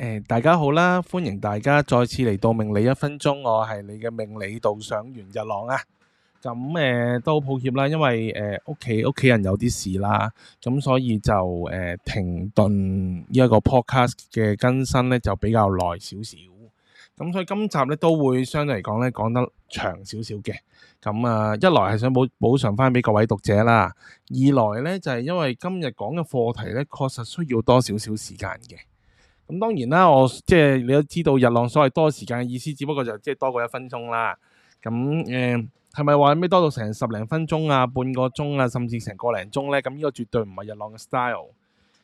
呃、大家好啦，歡迎大家再次嚟到命理一分鐘，我係你嘅命理導賞員袁日朗啊。咁、嗯、誒、呃、都抱歉啦，因為誒屋企屋企人有啲事啦，咁、嗯、所以就誒、呃、停頓一個 podcast 嘅更新咧，就比較耐少少。咁、嗯、所以今集咧都會相對嚟講咧講得長少少嘅。咁、嗯、啊，一來係想補補償翻俾各位讀者啦，二來咧就係、是、因為今日講嘅課題咧確實需要多少少時間嘅。咁當然啦，我即係你都知道日朗所謂多時間嘅意思，只不過就即係多過一分鐘啦。咁誒係咪話咩多到成十零分鐘啊、半個鐘啊，甚至成個零鐘呢？咁、這、呢個絕對唔係日朗嘅 style，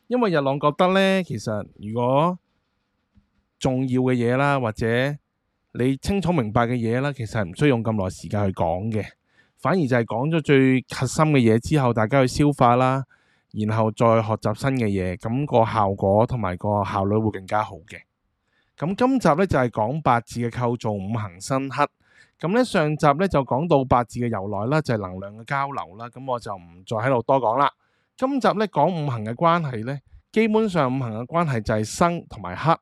因為日朗覺得呢，其實如果重要嘅嘢啦，或者你清楚明白嘅嘢啦，其實係唔需要用咁耐時間去講嘅，反而就係講咗最核心嘅嘢之後，大家去消化啦。然後再學習新嘅嘢，咁個效果同埋個效率會更加好嘅。咁今集呢就係講八字嘅構造，五行生剋。咁呢上集呢就講到八字嘅由來啦，就係能量嘅交流啦。咁我就唔再喺度多講啦。今集呢講五行嘅關係呢，基本上五行嘅關係就係生同埋剋。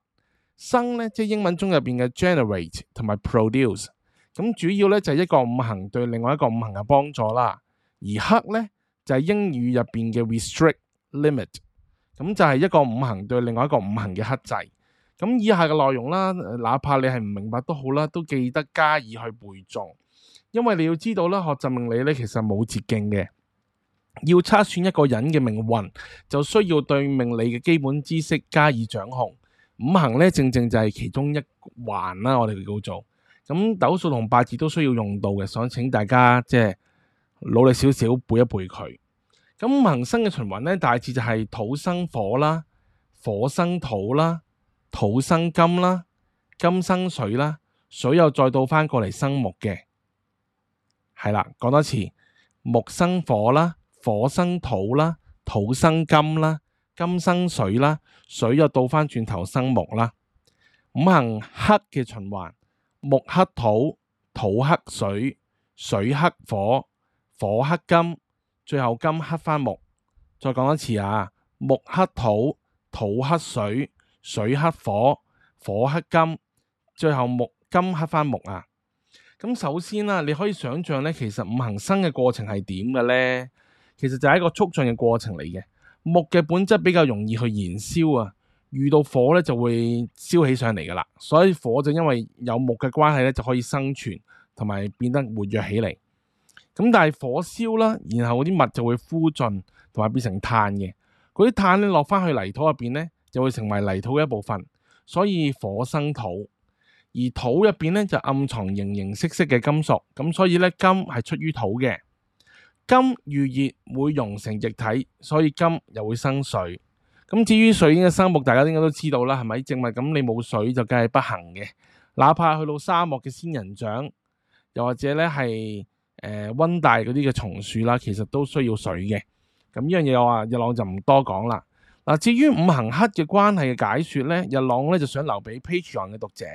生呢即係英文中入邊嘅 generate 同埋 produce。咁主要呢就係一個五行對另外一個五行嘅幫助啦，而剋呢。就係英語入邊嘅 Restrict Limit，咁就係一個五行對另外一個五行嘅克制。咁以下嘅內容啦，哪怕你係唔明白都好啦，都記得加以去背誦。因為你要知道啦，學習命理咧,其實冇捷徑嘅。要測算一個人嘅命運，就需要對命理嘅基本知識加以掌控。五行咧，正正就係其中一環啦。我哋叫做咁斗數同八字都需要用到嘅，想請大家即係。就是努力少少背一背佢咁，五行生嘅循環咧，大致就係土生火啦，火生土啦，土生金啦，金生水啦，水又再倒翻過嚟生木嘅係啦。講多次，木生火啦，火生土啦，土生金啦，金生水啦，水又倒翻轉頭生木啦。五行克嘅循環，木克土，土克水，水克火。火克金，最後金克翻木。再講一次啊，木克土，土克水，水克火，火克金，最後木金克翻木啊。咁首先啊，你可以想象咧，其實五行生嘅過程係點嘅咧？其實就係一個促進嘅過程嚟嘅。木嘅本質比較容易去燃燒啊，遇到火咧就會燒起上嚟噶啦。所以火就因為有木嘅關係咧，就可以生存同埋變得活躍起嚟。咁但係火燒啦，然後啲物就會枯盡，同埋變成炭嘅。嗰啲炭咧落翻去泥土入邊咧，就會成為泥土嘅一部分。所以火生土，而土入邊咧就暗藏形形色色嘅金屬。咁所以咧，金係出於土嘅。金遇熱會溶成液體，所以金又會生水。咁至於水嘅生木，大家應該都知道啦，係咪？植物咁你冇水就梗係不行嘅。哪怕去到沙漠嘅仙人掌，又或者咧係。誒溫帶嗰啲嘅松樹啦，其實都需要水嘅。咁呢樣嘢我話日朗就唔多講啦。嗱，至於五行剋嘅關係嘅解説呢，日朗呢就想留俾 Patreon 嘅讀者。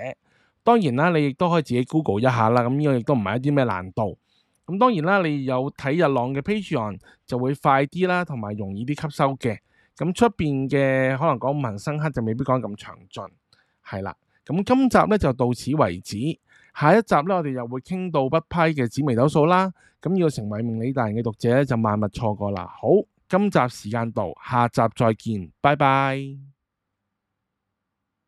當然啦，你亦都可以自己 Google 一下啦。咁呢個亦都唔係一啲咩難度。咁當然啦，你有睇日朗嘅 Patreon 就會快啲啦，同埋容易啲吸收嘅。咁出邊嘅可能講五行生剋就未必講得咁詳盡，係啦。咁今集呢，就到此為止。下一集咧，我哋又會傾到不批嘅紫微斗數啦。咁要成為命理大人嘅讀者就萬勿錯過啦。好，今集時間到，下集再見，拜拜。